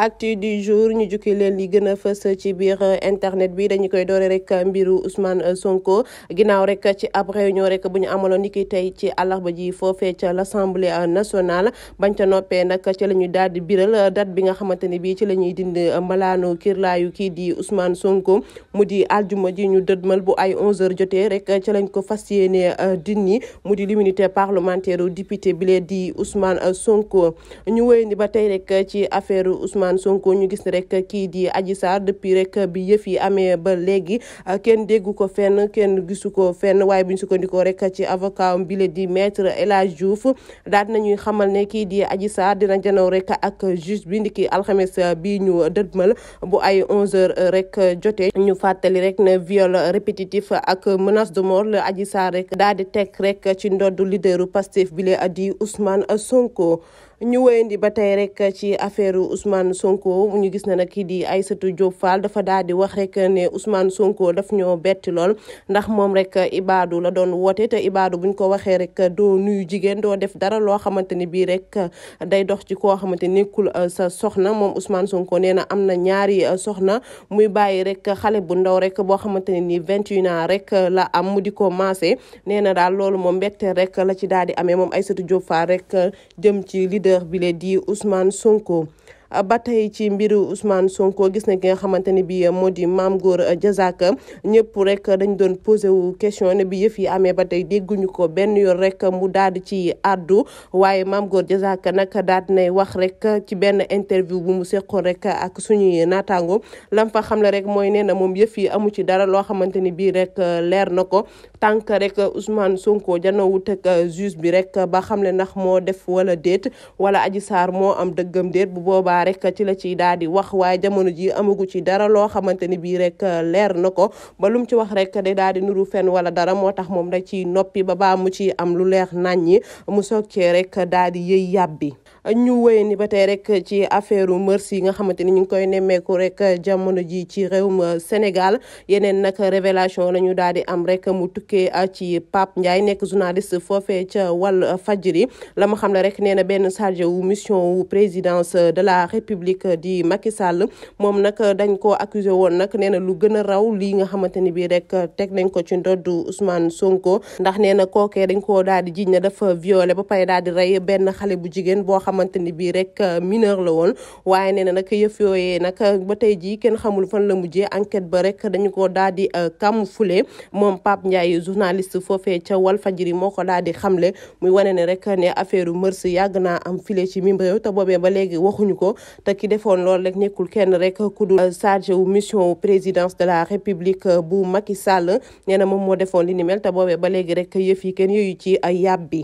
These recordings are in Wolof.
actu du jour ñu jukki leen li gën a fës ci biir euh, internet bi dañu koy doore rek euh, mbiru Ousmane euh, Sonko ginnaaw rek ci ab réunion rek bu ñu amaloon niki tey ci ba ji foofee ca l'Assemblée nationale bañ ca noppee nag ci la ñu daal di biral date bi nga xamante ni bii ci la ñuy dind mbalaanu kirlaayu kii di Ousmane Sonko mu di aljuma ji ñu mal bu ay 11 jotee rek ci lañ ko fas yéenee dindi mu di l'immunité parlementaire député bile di Ousmane Sonko ñu wéy ni ba tey ci affaire Ousmane. Sonko ñu gis ni rek kii di aji Sarr depuis rek bi yëf yi amee ba léegi kenn déggu ko fenn kenn gisu ko fenn waaye bu ñu sukkandikoo rek ci avocat am bile di maître El Hadj Diouf daal nañuy xamal ne kii di aji Sarr dina janow rek ak juge bi ndiki alxames bi ñu dëdmal bu ay 11h rek jote ñu fàttali rek ne viole répétitif ak menace de mort aji Adji rek daal di teg rek ci ndoddu leaderu Pastef bile di Ousmane Sonko ñu wéyandi ba tey rek ci affaire Ousmane Sonko ñu gis na nag kii di Aïssatou Diop Fall dafa daal di wax rek ne Ousmane Sonko daf ñoo bett lool ndax moom rek ibaadu la doon woote te ibaadu buñ ko waxee rek doo nuyu jigéen doo def dara loo xamante ni bii rek day dox ci koo xamante kul euh, sa soxna moom Ousmane Sonko nee na am na ñaari euh, soxna muy bàyyi rek xale bu ndaw rek boo xamante ne ni 21 ans rek la am mu di ko maase nee na daal loolu moom mbette rek la ci daal di amee moom Aïssatou Diop Fall rek jëm ci leader bile di Ousmane Sonko ba tey ci mbiru Ousmane Sonko gis na ki nga xamante ne bi moo di Mame Gor Diazaka ñëpp rek dañ doon posé wu question ne bi yëf yi amee ba tey dégguñu ko benn yoon rek mu daal di ci addu waaye Mame Gor Diazaka nag daal di nay wax rek ci benn interview bu mu seqoon rek ak suñuy naataango lam fa xam le rek mooy nee na moom yëf yi amu ci dara loo xamante ni bii rek leer na ko tànk rek Ousmane Sonko janoowut ak juge bi rek ba xam le ndax moo def wala déet wala Adji Sarr moo am dëggam déet bu boobaa boobaa rek ci la ciy daal di wax waaye jamono ji amagu ci dara loo xamante ni bii rek euh, leer na ko ba lu mu ci wax rek day daal di nuru fen wala dara moo tax moom rek ci noppi ba baa mu ci am lu leer naññi mu soog rek daal di yëy yàbbi ñu wéy ni ba tey rek ci affaire Mercy yi nga xamante ni ñu ngi koy nemmeeku rek jamono ji ci réewum euh, Sénégal yeneen nag révélation la ñu daal di am rek mu tukkee euh, ci Pape Ndiaye nekk journaliste foofee ca Walf Fadjri la xam ne rek nee benn chargé wu mission république di Macky Sall moom nag dañ ko accusé woon nag nee na lu gën a raw lii nga xamante ni bii rek teg nañ ko ci ndoddu Ousmane Sonko ndax nee na kookee dañ koo daal di jiñ ne dafa violé ba pare daal di rey benn xale bu jigéen boo xamante ni bii rek euh, mineur la woon waaye nee na nag yëf yooyee nag ba tey jii kenn xamul fan la mujjee enquête ba rek dañu ko daal di euh, fule moom Pape Ndiaye journaliste foofee ca Walfadjri moo ko daal di xamle muy wane ne rek ne affaire mœurs yàgg naa am file ci mim réew te boobee ba léegi waxuñu ko te ki defoon loolu rek nekkul kenn rek ku dul wu mission présidence de la république bu Macky Sall nee na moom moo defoon li ni mel boobee ba léegi rek yëf yi kenn yooyu ci yàb bi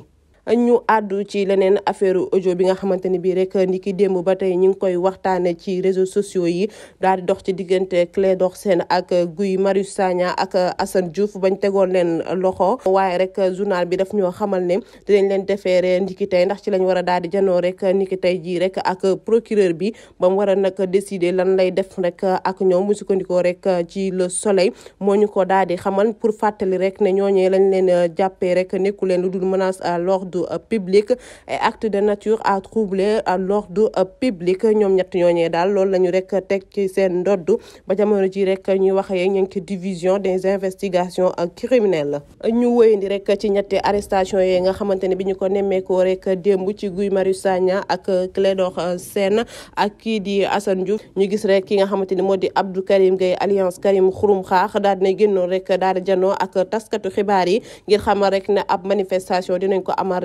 ñu àddu ci leneen affaire audio bi nga xamante ni bii rek ni ki démb ba tey ñu ngi koy waxtaane ci réseaux sociaux yi daal di dox ci diggante Clédor seen ak Guy Marius Sagna ak assan Diouf bañ tegoon leen loxo waaye rek journal bi daf ñoo xamal ne dinañ leen defeere ni ki tey ndax ci lañ war a daal di janoo rek ni ki tey jii rek ak procureur bi ba mu war a nag décider lan lay def rek ak ñoom mu sukkandikoo rek ci le soleil moo ñu ko daal di xamal pour fàttali rek ne ñooñee lañ leen jàppee rek nekku leen lu dul menace à l'ordre l'ordre public et acte de nature à troubler l'ordre public ñoom ñett ñooñee daal loolu la ñu rek teg ci seen ndodd ba jamono ji rek ñu wax yee ñu ngi ci division des investigations criminelles ñu wéyandi rek ci ñetti arrestation yi nga xamante ne bi ñu ko nemmeekoo rek démb ci Guy Marius Sagna ak Clédor Sène ak kii di Assane Diouf ñu gis rek ki nga xamante ni moo di Abdou Karim Gueye alliance Karim Xurum Xaax daal dina génnoon rek daal janoo ak taskatu xibaar ngir xamal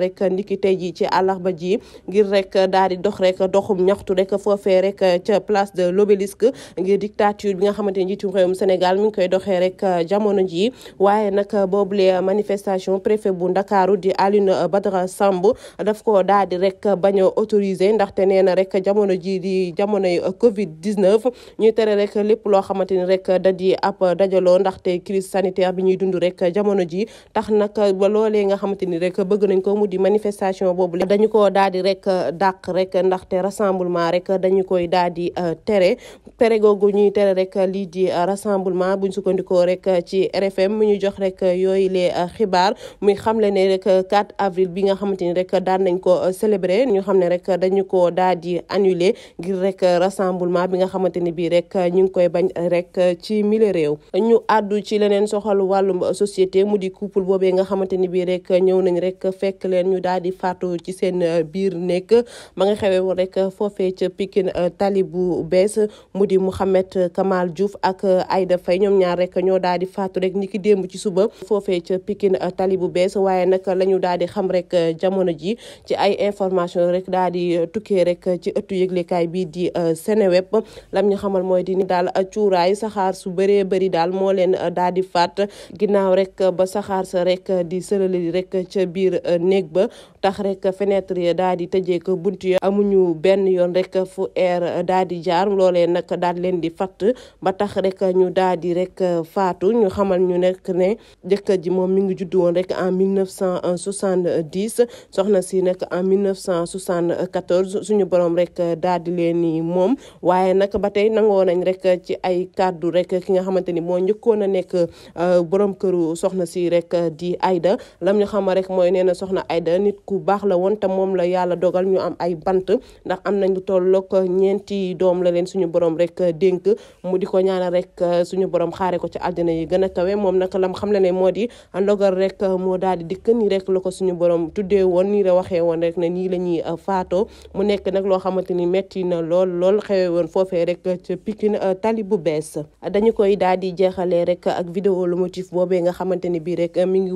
rek niki tey jii ci àllarba ji ngir rek daal di dox rek doxum ñaxtu rek foofee rek ca place de l'obélisque ngir dictature bi nga xamante ni njiitum réewum Sénégal mi ngi koy doxee rek jamono jii waaye nag boobule manifestation préfet bu Ndakaaru di Alioune Badara Samb daf ko daal di rek bañ a ndaxte nee na rek jamono ji di jamonoy Covid 19 ñuy tere rek lépp loo xamante ni rek da di ab dajaloo ndaxte crise sanitaire bi ñuy dund rek jamono ji tax nag ba loolee nga xamante ni rek bëgg nañ ko mu di manifestation boobu la dañu ko daal di rek euh, dàq rek ndaxte rassemblement rek dañu koy daal di euh, tere tere googu ñuy tere rek lii di euh, rassemblement buñ sukkandikoo rek ci RFM mu ñu jox rek yooyu les xibaar muy xamle ne rek 4 avril bi nga xamante ni rek daan nañ ko célébrer ñu xam ne rek dañu ko daal di annuler ngir rek rassemblement bi nga xamante ni bii rek ñu ngi koy bañ rek ci mille réew ñu àddu ci leneen soxal wàllum société mu di couple boobee nga xamante ni bii ñëw nañ rek fekk leen ñu daal di faatu ci seen euh, biir nekk ma nga xewee woon rek foofee ca Pikine euh, tali bu bees mu di Mouhamed Kamal Diouf ak euh, Aïda Faye ñoom ñaar rek ñoo daal di faatu rek ni démb ci suba foofee ca Pikine tali bu bees waaye nag lañu ñu daal di xam rek jamono ji ci ay information rek daal di tukkee rek ci ëttu yëglekaay bii di Seneweb lam ñu xamal mooy di ni daal cuuraay saxaar su bëree bëri daal moo leen daal di faat ginnaaw rek ba saxaar sa rek di sërali rek ca biir néeg ba tax rek fenêtre ya daal di tëjee ko bunt ya amuñu benn yoon rek fu air daal di jaar loolee nag daal leen di fatt ba tax rek ñu daal di rek faatu ñu xamal ñu nekk ne jëkkër ji moom mi ngi juddu woon rek en 1970 soxna si nag en 1974 suñu borom rek daal di leen i moom waaye nag ba tey nangoo nañ rek ci ay kàddu rek ki nga xamante ni moo njëkkoon a nekk euh, borom këru soxna si rek di ayda lam ñu xama rek mooy nee na soxna Aïda nit ku baax la woon te moom la yàlla dogal ñu am ay bant ndax am nañu tolloog ñeenti doom la leen suñu borom rek euh, dénk mu di ko ñaanal rek euh, suñu borom xaare ko ci àddina yi gën a kawe moom nag lam xam ne moo di ndogal rek euh, moo daal di dikk nii rek la ko suñu borom tuddee woon nii la waxee woon rek ne nii la ñuy faatoo mu nekk nag loo xamante ni metti na lool lool xewee woon foofee rek ca Pikine tali bu bees dañu koy daal di jeexalee rek ak vidéo lu motif boobee nga xamante ni bii rek mi ngi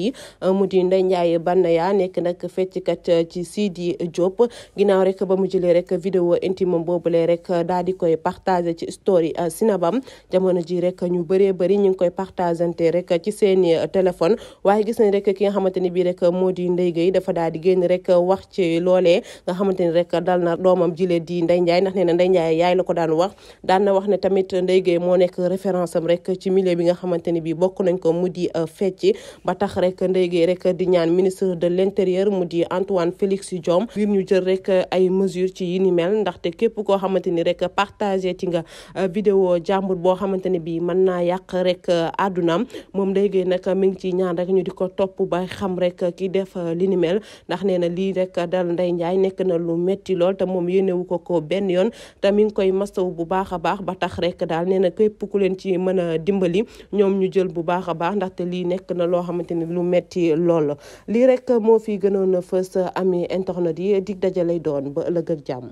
yi euh, mu di Ndeye Ndiaye ya nekk nag fecckat euh, ci Sidi Diop ginnaaw rek ba mu jëlee rek vidéo intime boobule rek euh, daal di koy partagé ci story sinabam jamono ji rek ñu bëree bari ñu ngi koy partagante rek ci seeni téléphone waaye gis nañ rek ki nga xamante ni bii rek moo di Ndeye Gueye dafa di génn rek wax ci loolee nga xamante ni rek dal na doomam jile di Ndeye Ndiaye ndax nee na Ndeye Ndiaye yaay la ko daan wax daan na wax ne tamit Ndeye Gueye moo nekk référence rek ci milieu bi nga xamante ni bokk nañ ko mu di fecc ba ak ndey gi rek di ñaan ministre de l'intérieur mu di Antoine Félix Diome ngir ñu jël rek ay ci yi ndaxte képp koo xamante ni rek partagé ci nga euh, vidéo jàmbur boo xamante ne bii mën naa yàq rek euh, àddunaam moom ndey nag mi ngi ci ñaan rek ñu di ko topp ba xam rek ki def euh, li ni mel nee na lii rek dal Ndeye Ndiaye nekk na lu metti lool te moom yéenewu ko ko benn yoon te mi ngi koy mastaw bu baax a baax ba tax rek daal nee na képp ku leen ci mën a dimbali ñoom ñu jël bu baax a baax ndaxte lii nekk na loo xamante ni metti lool lii rek moo fi gënoon a fës ami internet yi di dajale doon ba ëllëg ak jàmm